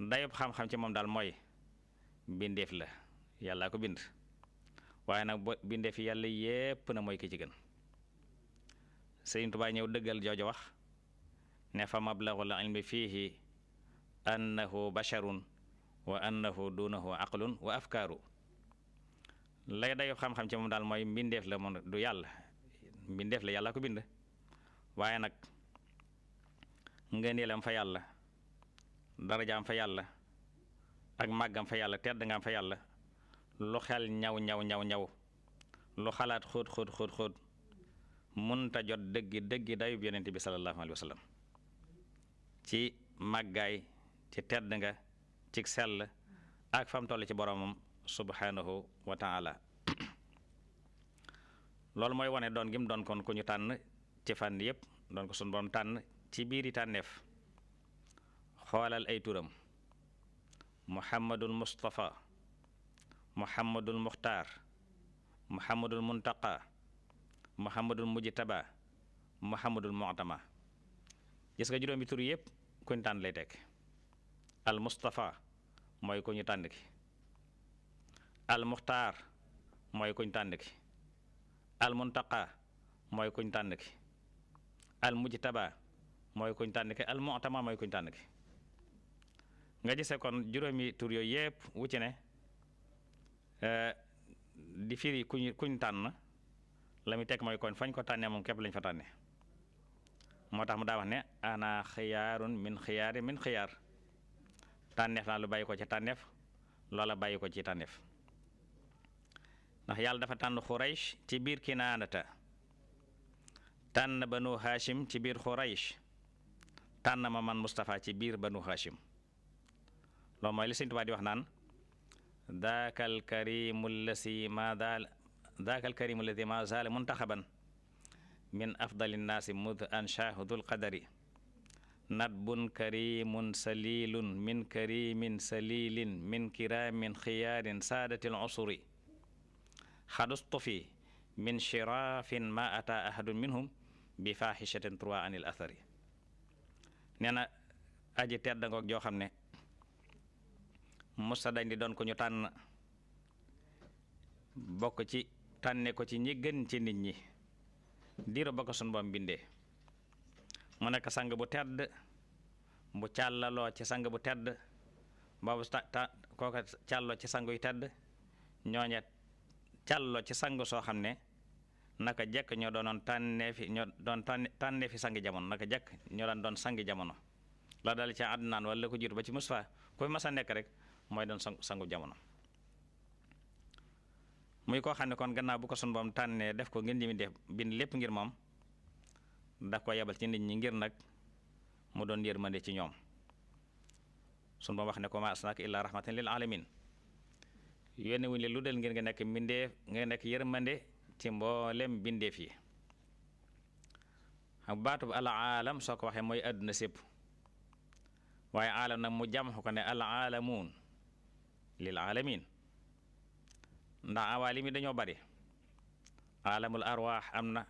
dayob xam-xam ci moom daal mooy bindeef la yàllaa ko bind waaye nag ba bindeef yàlla yépp na mooy ki ci gën Sëriñ ñëw dëggal jooju wax ne fa mablaghul ilmi fiihi annahu basharun wa annahu duunahu aqlun wa afkaaru lay dayob xam-xam ci moom daal mooy mbindeef la moom du yàlla mbindeef la yàlla ko bind waaye nag ngëneelam fa yàlla darajaam fa yàlla ak màggam fa yàlla tedd ngaam fa yàlla lu xel ñaw ñaw ñaw ñaw lu xalaat xóot xóot xóot xóot munta jot dëggi dëggi dayub yonent bi sallallahu alayhi wa ci màggaay ci tedd nga ci sell ak fam toll ci boromam subhanahu wa taala loolu mooy wane doon gi doon kon ku ñu tànn ci fànn yépp doon ko suñu borom tànn ci biiri tànneef xoolal ay turam muhammadul mustafa muhammadul muxtaar muhammadul muntaqa muhammadul mujtaba muhammadul mu'tama gis nga juróomi tur yépp ku ñu tànn lay tekk al mustafa mooy ku ñu tànn ki al muxtaar mooy ku ñu tànn ki al muntaqa mooy ku ñu tànn ki al mujtaba mooy kuñ tànn ki al mu'tama mooy kuñ tànn ki nga gise kon juróomi tur yooyu yëpp wu ci ne eh, di firi kuñ kuñ tànn la muy teg mooy kon fañ ko tànnee moom képp lañ fa tànnee moo tax mu daa wax ne ana xiyaarun min xiyaari min xiyaar tànneef naa lu bàyyi ko ci tànneef loola bàyyi ko ci tànneef ndax yàlla dafa tànn xuraysh ci biir kinaanata tànn banu haashim ci biir xuraysh tànn ma man Moustapha ci biir banu haashim loolu mooy li Sëñ Tuubaa di wax naan ma daal daakal min afdali nnaasi mud anshaahu dul qadari nadbun karimun min karimin salilin min kiraamin xiyaarin saadatil usuri xadustufi min shiraafin ma ata ahadun minhum bi faahishatin trois anil athari musta dañ di doon ko ñu tànn bokk ci tànne ko ci ñi gën ci nit ñi diiru ba ko sun bindee mu nekk sang bu tedd bu càllaloo ci sang bu tedd boobu ta ta kooka càlloo ci sang yu tedd ñooñe càlloo ci sang soo xam ne naka jekk ñoo doonoon tànnee fi ñoo doon tànnee fi sang jamono naka jekk ñoo daan doon sang jamono la dal ci àddunaan wala ko jiitu ba ci Mustafa ku fi mas a nekk rek mooy doon sang sangu jamono muy koo xam ne kon gannaaw bu ko sun boom tànnee def ko ngeen jëmi def bind lépp ngir moom daf ko yebal ci nit ñi ngir nag mu doon yërmande ci ñoom sun boom wax ne ko ma asnaaka illaa rahmatan lil alamin yónne wuñ leen lu del ngeen nga nekk mbindeef nga nekk yërmande ci mboolem bindeef yi ak baatu bu alaalam soo ko waxee mooy àdduna sépp waaye aalam nag mu jàmm ko ne alaalamuun lil alamin ndax awaalim yi dañoo bari alamul arwaax am na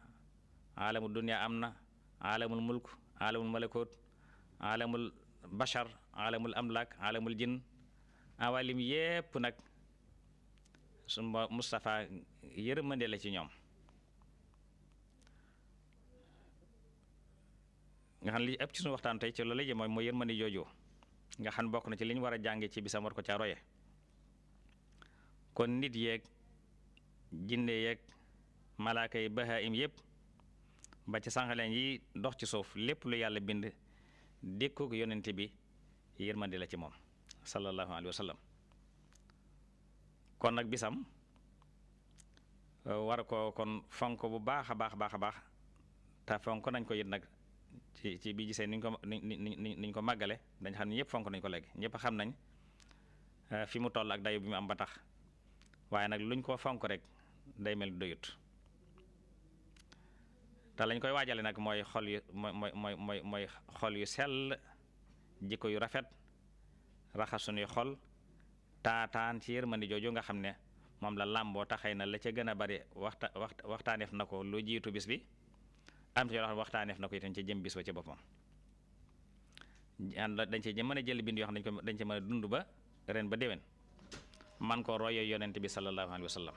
alamul dunia am na alamul mulk alamul malakut alamul bashar alamul amlak alamul jinn awalim yépp nag su Moustapha yërmande la ci ñoom nga xam li ëpp ci suñu waxtaan tey ci loolu la mooy mooy yërmande jooju nga xam bokk na ci li ñu war a jànge ci bisam war ko caa roye kon nit yeeg jinne yeeg malaaka yi bahaim yépp ba ci sànqaleñ yi dox ci suuf lépp lu yàlla bind dékkook yonente bi yërmande la ci moom sallallahu alayhi wa kon nag bisam war ko kon fonk bu baax a baax baax a baax te fonk nañ ko yit nag ci ci bi gisee niñ ko niñ niñ ko màggale dañ xam ne ñëpp fonk nañ ko léegi ñëpp xam nañ fi mu toll ak dayu bi mu am ba tax waaye nag luñ ko fonk rek day mel doyut te lañ koy waajale nag mooy xol yu mooy mooy mooy xol yu sell jikko yu rafet raxas suñuy xol taataan ci yërmandi jooju nga xam ne moom la làmboo taxay na la ca gën a bari waxta waxta waxtaaneef na ko lu jiitu bis bi am ci yoo xam waxtaaneef na ko itam ca jëm bis ba ca boppam dañ ci mën a jël bind yoo xam dañ ko dañ ci mën a dund ba ren ba déwén man ko roye yonent bi sallallahu alayhi wa sallam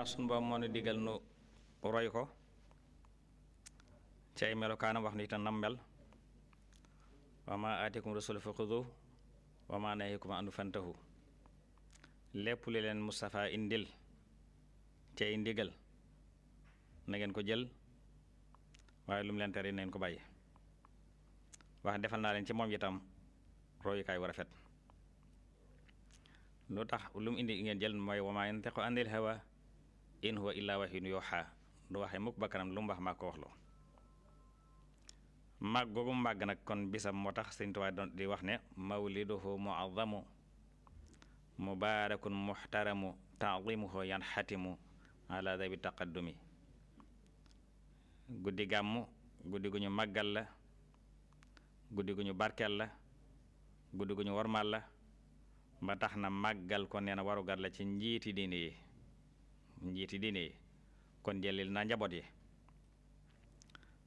ndax sunu Boroom moo nu digal nu roy ko ci ay melokaanam wax ni itam nam mel wa ma aatikum rasulu fa xudu wa ma nahikum anhu fantahu lépp li leen Moustapha indil ci ay ndigal na ngeen ko jël waaye lum mu leen tere na ngeen ko bàyyi wax defal naa leen ci moom itam royukaay wu rafet lu tax lu indi ngeen jël mooy wa ma yantiqu anil hawa in huwa illaa wahyun yuuhaa du waxe mukk bakkanam lu mu wax maa ko waxloo màgg googu nag kon bisam moo tax Sëñ Tuubaa doon di wax ne mawliduhu muazzamu mubaarakun muxtaramu taadimuhu yan xatimu ala dabi taqaddumi guddi gàmmu guddi gu ñu màggal la guddi gu ñu barkeel la guddi gu ñu wormaal la ba tax na màggal ko neena na la ci njiiti diine yi njiit yi diine yi kon jëlil na njaboot yi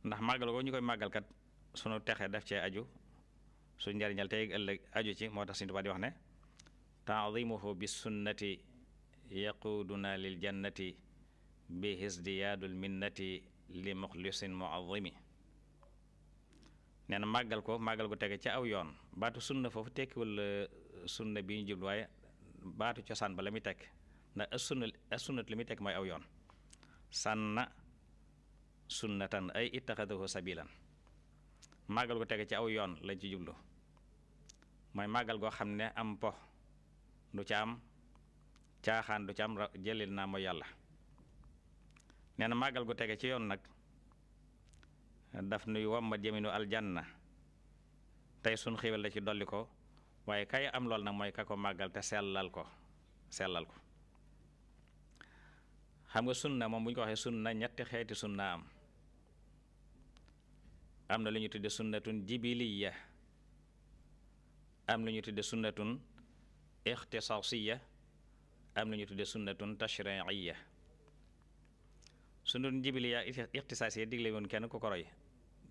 ndax màggal ko ñu koy màggalkat sunu texe daf cee aju su njariñal tey ëllëg aju ci moo tax Sëñ Tuubaa di wax ne taadimuhu bi sunnati yaquuduna lil jannati bi hisdiyaadul minnati li muxlisin muazimi nee na màggal ko màggal ko tege ci aw yoon baatu sunna foofu tekkiwul sunna bi ñu jublu baatu cosaan ba la muy tekk ndax assunna assunnat li muy teg mooy aw yoon sànna sunnatan ay ittaxadahu sabilan màggal gu tege ci aw yoon lañ ci jublu mooy màggal goo xam ne am po du ca am caaxaan du ca am jëlil naa mooy yàlla nee na màggal gu tege ci yoon nag daf nuy wommat jëminu na tey sun xiiwal la ci dolli ko waaye kay am lool nag mooy ka ko màggal te sellal ko sellal ko xam nga sun na moom bu ñu ko waxee na ñetti xeeti sunna am am na lu ñu tudde sunnatun jibiliya am lu ñu tudde sunnatun ixtisasiya am lu ñu tudde sunnatun tashriiya sunnatun jibiliya ixtisasiya digle woon kenn ku ko roy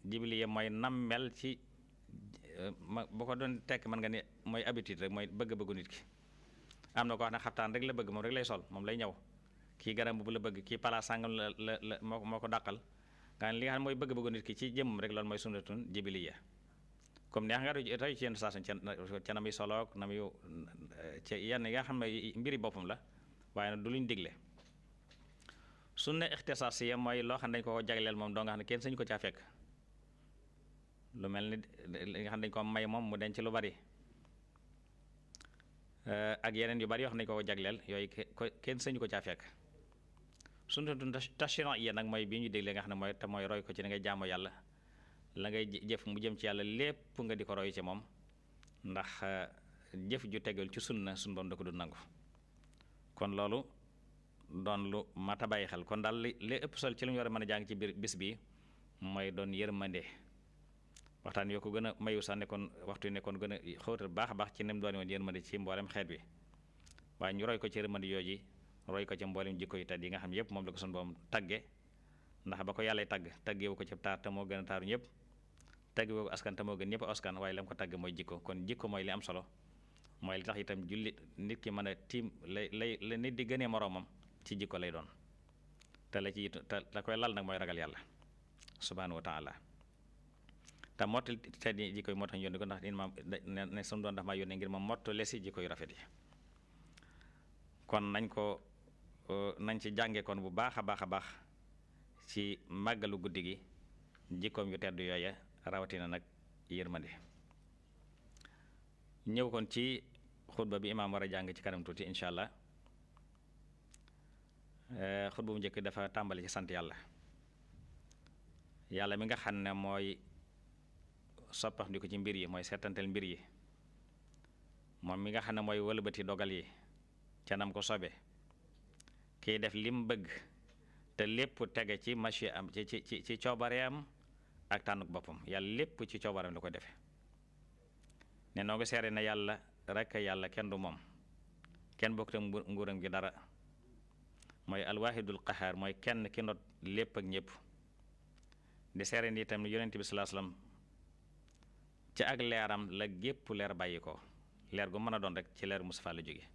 jibiliya mooy nammel ci ma bu ko doon tekk mën nga ne mooy habitude rek mooy bëgg-bëggu nit ki am na ko wax ne xaftaan rek la bëgg moom rek lay sol moom lay ñaw kii garam bu la bëgg kii palaa sàngam la la moo moo ko dàqal nga ne li nga xam mooy bëgg-bëggu nit ki ci jëmm rek loolu mooy sunnatun jibiliya comme neex nga roy ci yenn station ca na muy na muy yenn yi nga xam ne mbiri boppam la waaye nag du luñ digle sunna ixtisaasiya mooy loo xam ne dañ ko jagleel moom doo nga xam ne kenn sañu ko caa fekk lu mel ni li nga xam ne dañ ko may moom mu denc lu bari ak yeneen yu bari yoo xam ne dañ ko jagleel yooyu kenn sañu ko caa fekk sunnatun tashri'iyya nag mooy bi ñu déglee nga xam ne mooy te mooy roy ko ci da ngay yàlla la ngay jëf mu jëm ci yàlla lépp nga di ko roy ci moom ndax euh, jëf ju tegal ci sunna sun borom da ko du nangu kon loolu doon lu mat a bàyyi xel kon daal li li ëpp sol ci lu ñu war a mën a jàng ci biir bis bi mooy doon yërmande waxtaan yoo ko gën a mayu sax nekkoon waxtu yi nekkoon gën a baax a baax ci nem doon woon yërmande ci mboolem xeet bi waaye ñu roy ko ci yërmande yooji roy ko ca mboolem jikko yu tedd yi nga xam yëpp moom la ko sunu boom tagge ndax ba ko yàllay tagg taggewu ko ca taar te moo gën a taaru ñëpp taggewu ko askan te moo gën ñëpp askan waaye la mu ko tagg mooy jikko kon jikko mooy li am solo mooy li tax itam jullit nit ki mën a tiim lay lay la nit di gënee moroomam ci jikko lay doon te la ci te la nag mooy ragal yàlla subhaanahu wa taala te mottal te di jikko yi moo tax ñu yónni ko ndax in ma ne sunu doon dafa maa yónnee ngir ma mottalesi jikko yu rafet yi kon nañ ko nañ ci jànge kon bu baax a baax a baax ci màggalu guddi gi jikkoom yu tedd yooya rawatina nag yërmande ñëw kon ci xutba bi imaam war a jàng ci kanam tuuti incha allah eh, xutba bu njëkk dafa tàmbali ci sant yàlla yàlla mi nga xam ne mooy soppax di ko ci mbir yi mooy seetantal mbir yi moom mi nga xam ne mooy wëlbati dogal yi ca nam ko sobe kiy def lim bëgg te lépp tege ci machi am ci ci ci ci coobareem ak tànnuk boppam yàlla lépp ci coobareem la ko defe ne noo ngi seere na yàlla rekk yàlla kenn du moom kenn bokk tam nguuram gi dara mooy alwaahidul kaxaar mooy kenn ki lépp ak ñëpp di seere ni itam yonent bi salaa ci ak leeram la gépp leer bàyyi ko leer gu mën a doon rek ci leer Mustafa la jóge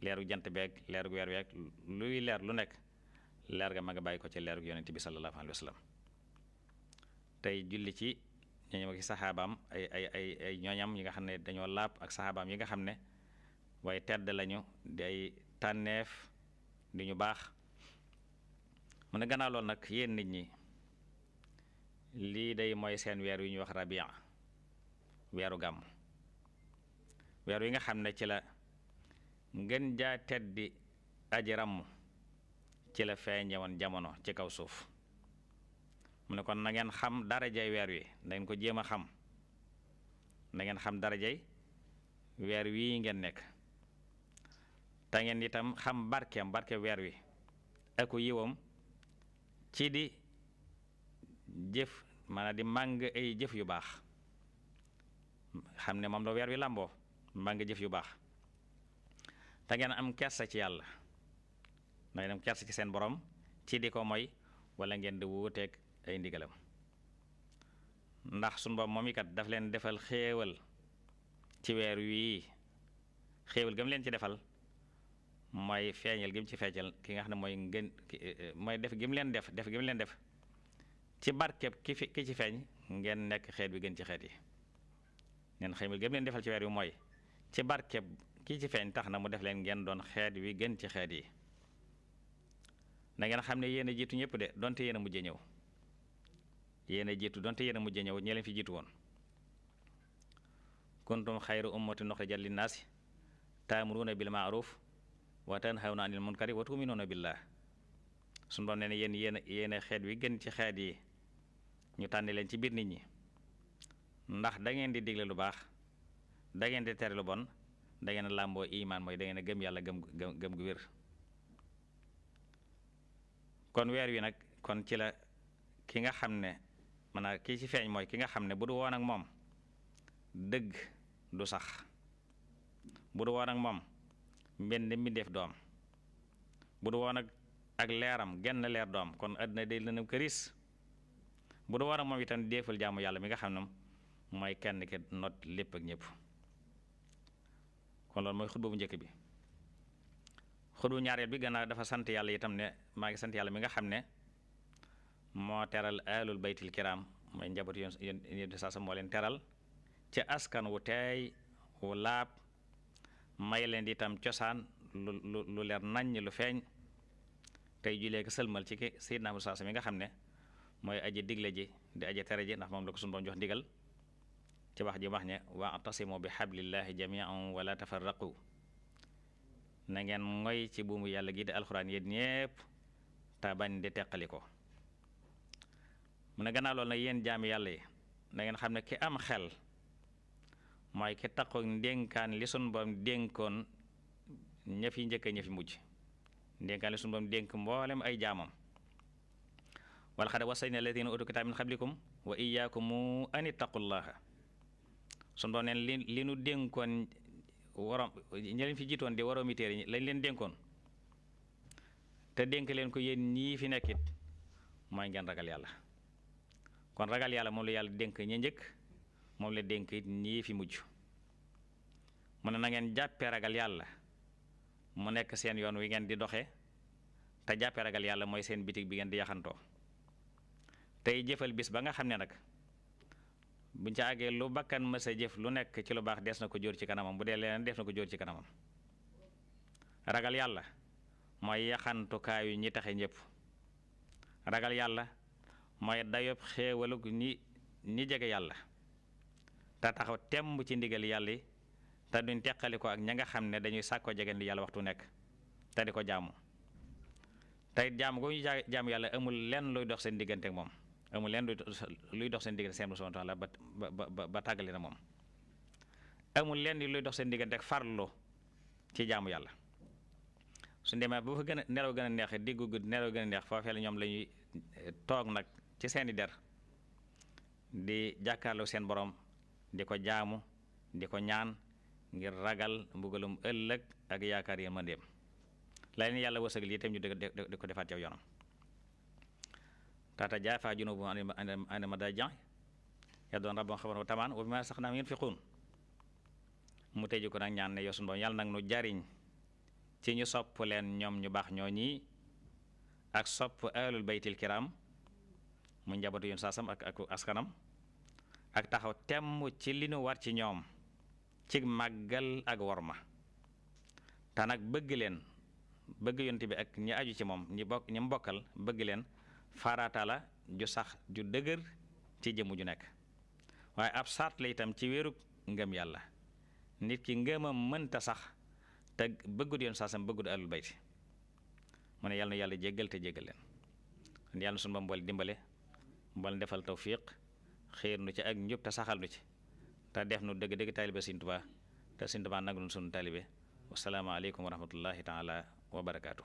leeru jant beeg leeru weer weeg luy leer lu nekk leer ga ma nga bàyyi ko ci leeru yonent bi sallallahu alayhi wa sallam tey julli ci ñooñu ak saxaabaam ay ay ay ay ñooñam yi nga xam ne dañoo laab ak saxaabaam yi nga xam ne waaye tedd lañu di ay tànneef di ñu baax mu ne gannaaw loolu nag yéen nit ñi lii day mooy seen weer yu ñuy wax rabia weeru gàmm weer wi nga xam ne ci la ngeen jaa teddi aji ràmm ci la feeñe woon jamono ci kaw suuf mu ne kon na ngeen xam darajay weer wi na ko jéem a xam na xam dara darajay weer wii ngeen nekk te ngeen itam xam barkeem barke weer wi aku yiwam ci di jëf mana di màng ay jëf yu baax xam ne moom la weer wi làmboo màng jëf yu baax te ngeen am kersa ci yàlla na ngeen am kersa ci seen borom ci di ko mooy wala ngeen di ay ndigalam ndax sunu borom moom ikat daf leen defal xéewal ci weer wii xéewal gam leen ci defal mooy feeñal gim ci feeñal ki nga xam ne mooy ngeen mooy def gim leen def def gim leen def ci barkeb ki fi ki ci feeñ ngeen nekk xeet bi gën ci xeet yi neen xéewal gam leen defal ci weer wi mooy ci barkeb kii ci feeñ tax na mu def leen ngeen doon xeet wi gën ci xeet yi na ngeen xam ne yéen a jiitu ñëpp de donte yéen a mujj ñëw yéen a jiitu donte yéen a mujj ñëw ñi fi jiitu woon kuntum xayru ummatin uxrijat linnaasi taamuruuna bil maaruf wa tanhawna anil munkari wa tuminuuna billah suñu doon nee ne yéen yéen yéen xeet wi gën ci xeet yi ñu tànn leen ci biir nit ñi ndax da ngeen di digle lu baax da ngeen di tere lu bon dangeen ngeen làmboo imaan mooy da gëm yàlla gëm gëm gu wér kon weer wi nag kon ci la ki nga xam ne maanaam kii ci feeñ mooy ki nga xam ne bu du woon ak moom dëgg du sax bu du woon ak moom mbenn mbindeef doom bu du woon ak leeram genn leer doom kon àddina day lëndëm këris bu du woon ak moom itam déefal jàmm yàlla mi nga xam ne mooy kenn ki not lépp ak ñëpp kon loolu mooy xutba bu njëkk bi xutbu ñaareel bi gannaaw dafa sant yàlla yitam ne maa ngi sant yàlla mi nga xam ne moo teral alul baytil kiram mooy njaboot yoon yoon saa moo leen teral ci askan wu teey wu laab may leen di itam cosaan lu lu leer nañ lu feeñ tey julee ko sëlmal ci ki Seydina Musaa mi nga xam ne mooy aji digle ji di aji tere ji ndax moom la ko suñu Boroom jox ndigal ci wax ji wax ne wa'tasimu bi hablillahi jami'an wala tafarraqu na ngeen ngoy ci buumu yàlla gi di alxuraan yéen ñépp te bañ di teqali ko mu ne gannaaw loolu nag yéen jaami yàlla yi na xam ne ki am xel mooy ki takkook ndénkaan li sun boom dénkoon ña fi fi mujj ndénkaan dénk mboolem ay jaamam wala xad wasayna alladina utu kitaab min xablikum wa iyaakumu an ittaqullaha su ba neen li li nu dénkoon warom ñi leen fi jiitoon di waroomi téere ñi lañ leen dénkoon te dénk leen ko yéen ñii fi nekkit mooy ngeen ragal yàlla kon ragal yàlla moom la yàlla dénk ña njëkk moom la dénk ñii fi mujj mu ne na ngeen jàppee ragal yàlla mu nekk seen yoon wi ngeen di doxe te jàppee ragal yàlla mooy seen bitig bi ngeen di yaxantoo tey jëfal bis ba nga xam ne nag buñ ca lu bakkan mës jëf lu nekk ci lu baax des na ko jóor ci kanamam bu dee leneen def na ko jóor ci kanamam ragal yàlla mooy yaxantukaayu ñi taxe ñëpp ragal yàlla mooy dayob xéewalug ñi ñi jege yàlla te taxaw temb ci ndigal yàlla yi te duñ teqali ko ak ña nga xam ne dañuy sàkkoo jegandi yàlla waxtu nekk te di ko jaamu te jaamu gu ñu jaa jaam yàlla amul lenn luy dox seen diggante ak moom amul leen luy dox seen diggante seen son wa taala ba ba ba tàggale na moom amul leen di luy dox seen diggante ak farlu ci jaamu yàlla su demee ba fa gën a nelaw gën a neex diggu gudd gën a neex foofee la ñoom la ñuy eh, toog nag ci seeni der di jàkkaarloo seen boroom di ko jaamu di ko ñaan ngir ragal mbugalum ëllëg ak yaakaar yéen ma ndéem la leen yàlla wërsëgal yi itam ñu di ko defaat yow yoonam tatajaafaa junubuhum anil madaaji' yad'uuna rabbahum xawfan wa tama'an wa mimmaa razaqnaahum yunfiquun mu tëju ko nag ñaan ne yosun boom yàlla nag nu jariñ ci ñu sopp leen ñoom ñu baax ñoo ñi ak sopp ahlul baytil kiram mu njabootu yoon saasam ak ak askanam ak taxaw temm ci li nu war ci ñoom ci màggal ak worma te nag bëgg leen bëgg yont bi ak ñi aju ci moom ñi ñi mbokkal bëgg leen farata la ju sax ju dëgër ci jëmm ju nekk waaye ab sart la itam ci wérug ngëm yàlla nit ki ngëmam mënta sax te bëggut yoon saasam bëggut alul bayti mu ne yàlla na yàlla jéggal te jéggal leen kon yàlla sunu ba mboole dimbale mboole defal tawfiq xiir nu ci ak njub te saxal nu ci te def nu dëgg dëgg taalibe Sëriñ Tuubaa te Sëriñ Tuubaa nag nu sunu taalibe wasalaamaaleykum wa rahmatullahi taala wa barakaatu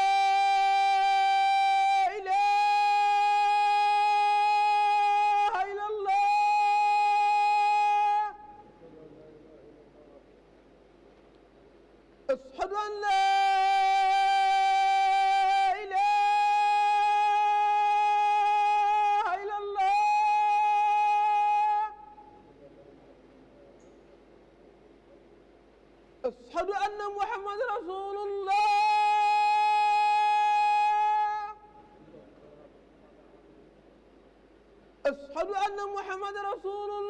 ashhadu anna muhammadan rasulullah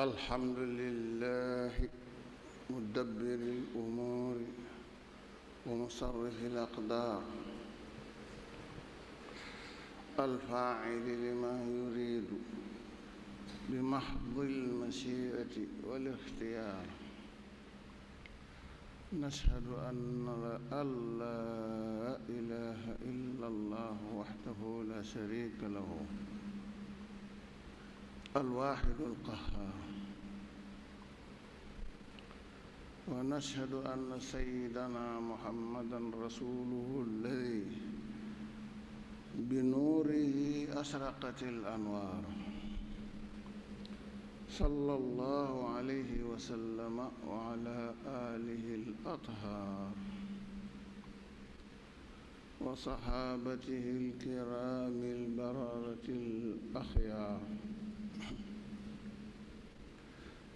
الحمد لله مدبر الأمور ومصرف الأقدار الفاعل لما يريد بمحض المشيئة والاختيار نشهد أن لا إله إلا الله وحده لا شريك له الواحد القهار ونشهد أن سيدنا محمدا رسوله الذي بنوره أشرقت الأنوار صلى الله عليه وسلم وعلى آله الأطهار وصحابته الكرام البررة الأخيار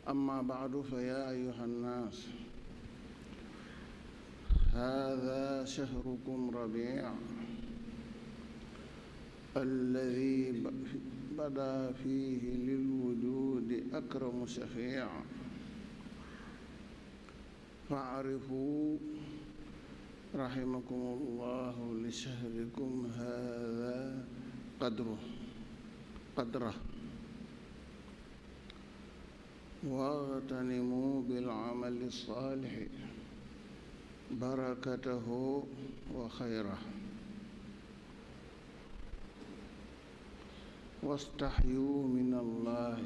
أما بعد فيا أيها الناس هذا شهركم ربيع الذي بدا فيه للوجود أكرم شفيع فاعرفوا رحمكم الله لشهركم هذا قدره قدره واغتنموا بالعمل الصالح بركته وخيره واستحيوا من الله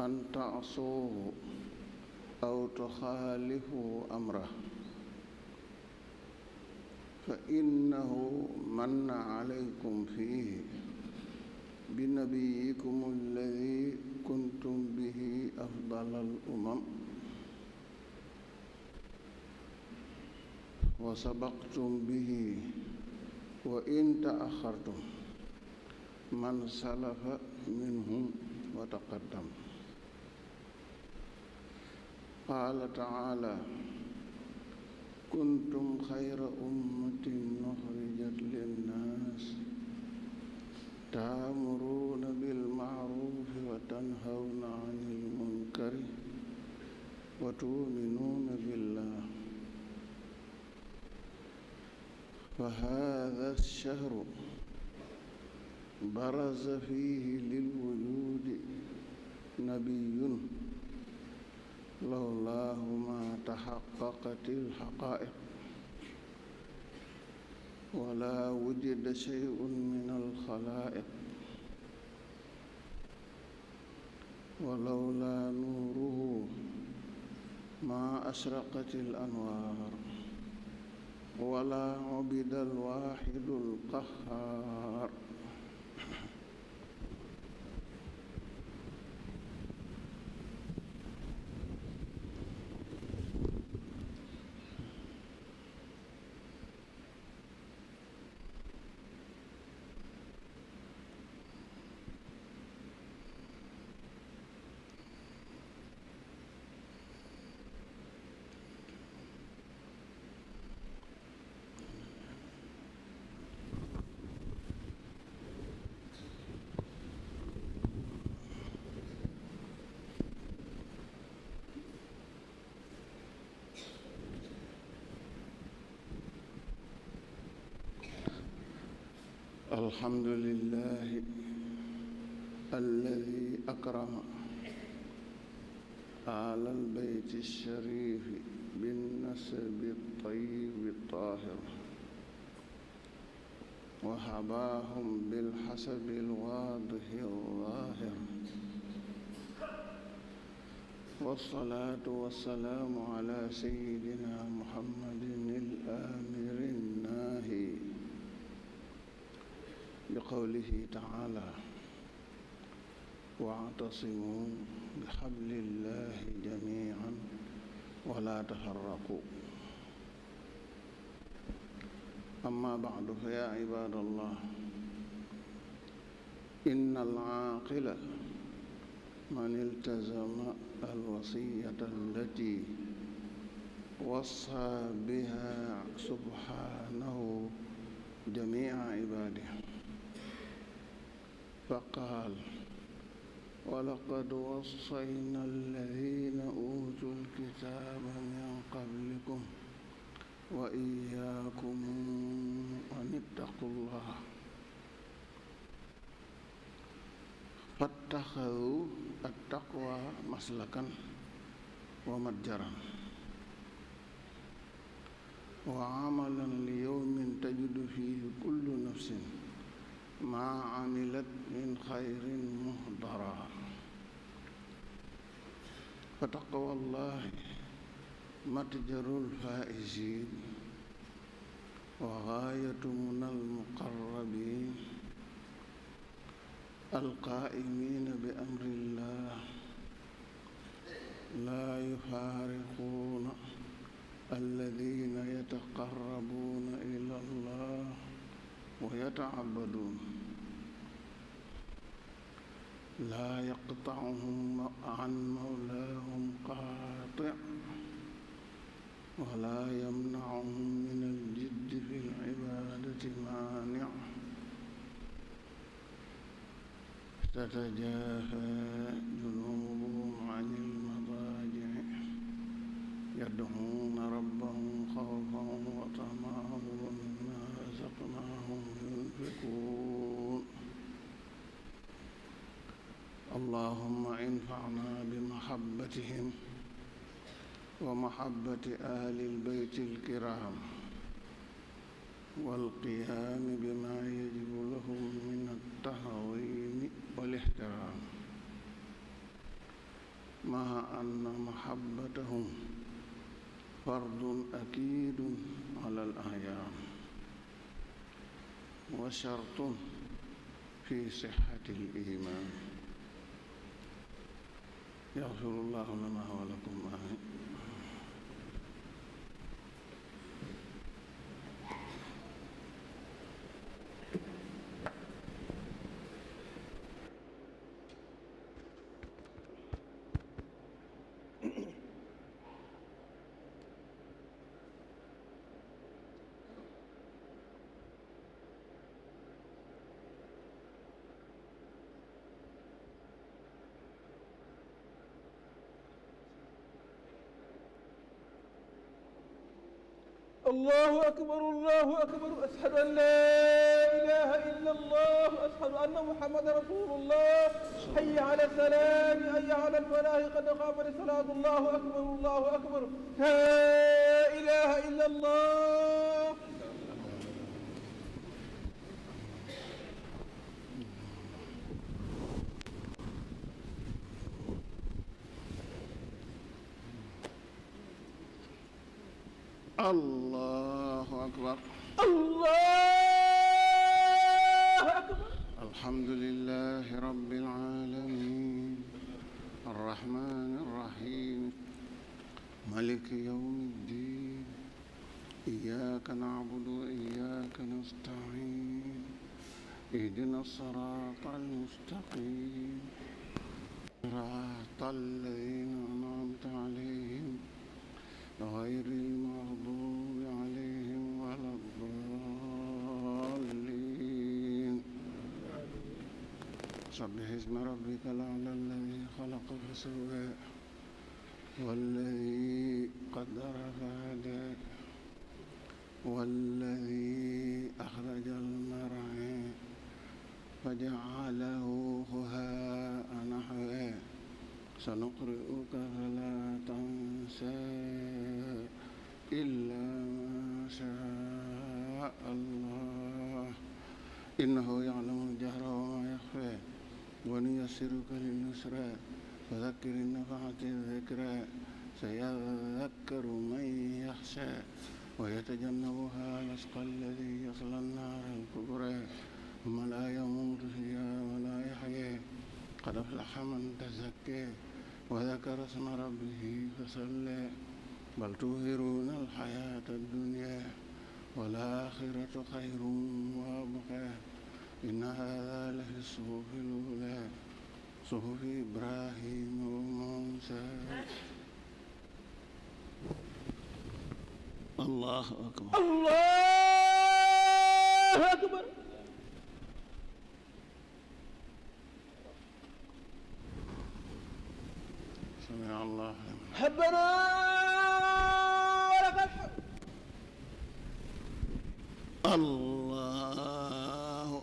أن تعصوه أو تخالفوا أمره فإنه من عليكم فيه بنبيكم الذي kuntum bihi afdalal umam wa sabaqtum bihi wa in taaxartum man salafa minhum wa taqaddam qaala taala kuntum xayra ummatin uxrijat linnaas تأمرون بالمعروف وتنهون عن المنكر وتؤمنون بالله فهذا الشهر برز فيه للوجود نبي لولاه ما تحققت الحقائق ولا وجد شيء من الخلائق ولولا نوره ما أشرقت الأنوار ولا عبد الواحد القهار الحمد لله الذي أكرم آل البيت الشريف بالنسب الطيب الطاهر وحباهم بالحسب الواضح الظاهر والصلاة والسلام على سيدنا qawlihi taala waatasimu bixablillahi jamian wala tafarraqu amma bacdu fa ya cibaad allah in alcaaqila man iltazama alwasiyata allati wasa biha subhanahu jamica cibaadihi فقال ولقد وصينا الذين أوتوا الكتاب من قبلكم وإياكم أن اتقوا الله فاتخذوا التقوى مسلكا ومتجرا وعملا ليوم تجد فيه كل نفس ما عملت من خير مهضرا فتقوى الله متجر الفائزين وغاية من المقربين القائمين بأمر الله لا يفارقون الذين يتقربون إلى الله wa yata'abbaduun laa yaqta'uhum an mawlaahum qaati' wa laa yamna'uhum min al-jiddi fi al-ibaadati maani' تتجافى جنوبهم عن المضاجع يدعون ربهم خوفا وطمعا يشركون اللهم انفعنا بمحبتهم ومحبة آل البيت الكرام والقيام بما يجب لهم من التعظيم والاحترام مع أن محبتهم فرض أكيد على الأعيان وشرط في صحة الإيمان يغفر الله لنا ولكم آمين الله أكبر الله أكبر أشهد أن لا إله إلا الله أشهد أن محمد رسول الله حي على السلام حي على الفلاح قد قامت الصلاة الله أكبر الله أكبر لا إله إلا الله الله akbar allahu akbar alhamdulillahi rabbil alamin arrahmani arrahim maliki yawmi ddin iyyaka na'budu wa iyyaka nasta'in ihdina sirata almustaqim صراط الذين أنعمت عليهم غير المغضوب سبح اسم ربك الأعلى الذي خلق فسوى والذي قدر فهدى والذي أخرج المرعى فجعله خهاء نحوه سنقرئك فلا تنسى إلا ما شاء الله إنه يعلم الجهر وما يخفى ونيسرك لليسرى فذكر النفحة الذكرى سيذكر من يخشى ويتجنبها الأشقى الذي يصلى النار الكبرى ثم لا يموت فيها ولا يحيى قد أفلح من تزكى وذكر اسم ربه فصلى بل تؤثرون الحياة الدنيا والآخرة خير وأبقى إن هذا لفي الصحف الأولى صحف إبراهيم وموسى الله أكبر الله أكبر سمع الله حبنا ولك الحمد الله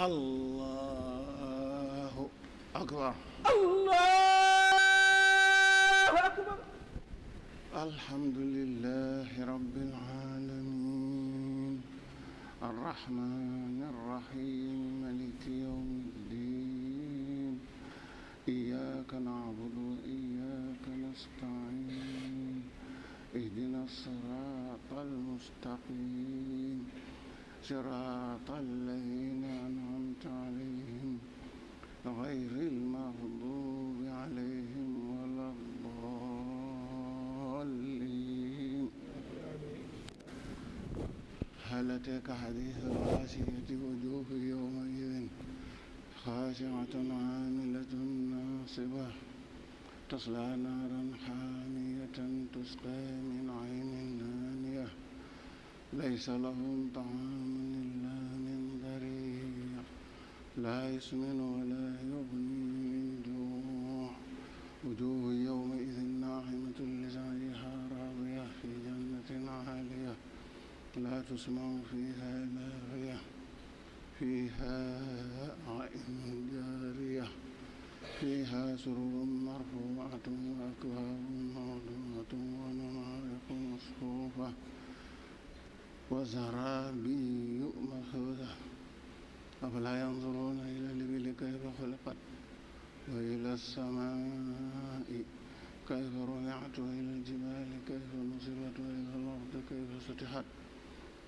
allahu akbar allahu akbar alhamdulillahi rabbil alamin arrahmani arrahim maliki yawmiddin iyyaka na'budu wa iyyaka nasta'in ihdina siraatal mustaqim siraatal ladhina أتاك حديث الغاشية وجوه يومئذ خاشعة عاملة ناصبة تصلى نارا حامية تسقى من عين آنية ليس لهم طعام إلا من ضريع لا يسمن ولا يغني من جوع وجوه يومئذ ناعمة لسعيها لا تسمع فيها لاغية فيها عائن جارية فيها سرور مرفوعة وأكواب موضوعة ومنارق مصفوفة وزرابي مخذوذة أفلا ينظرون إلى الإبل كيف خلقت وإلى السماء كيف رفعت وإلى الجبال كيف نصبت وإلى الأرض كيف سطحت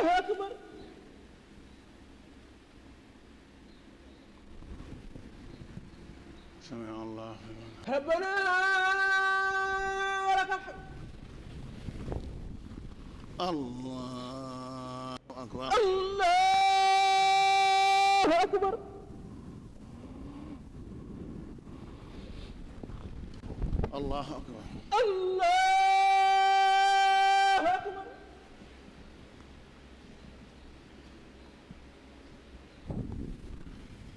allahu akbar sami allah rabbana walaka alhamd allahu akbar allahu akbar allahu akbar allah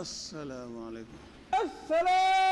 asalaamaaleykum. asalaam.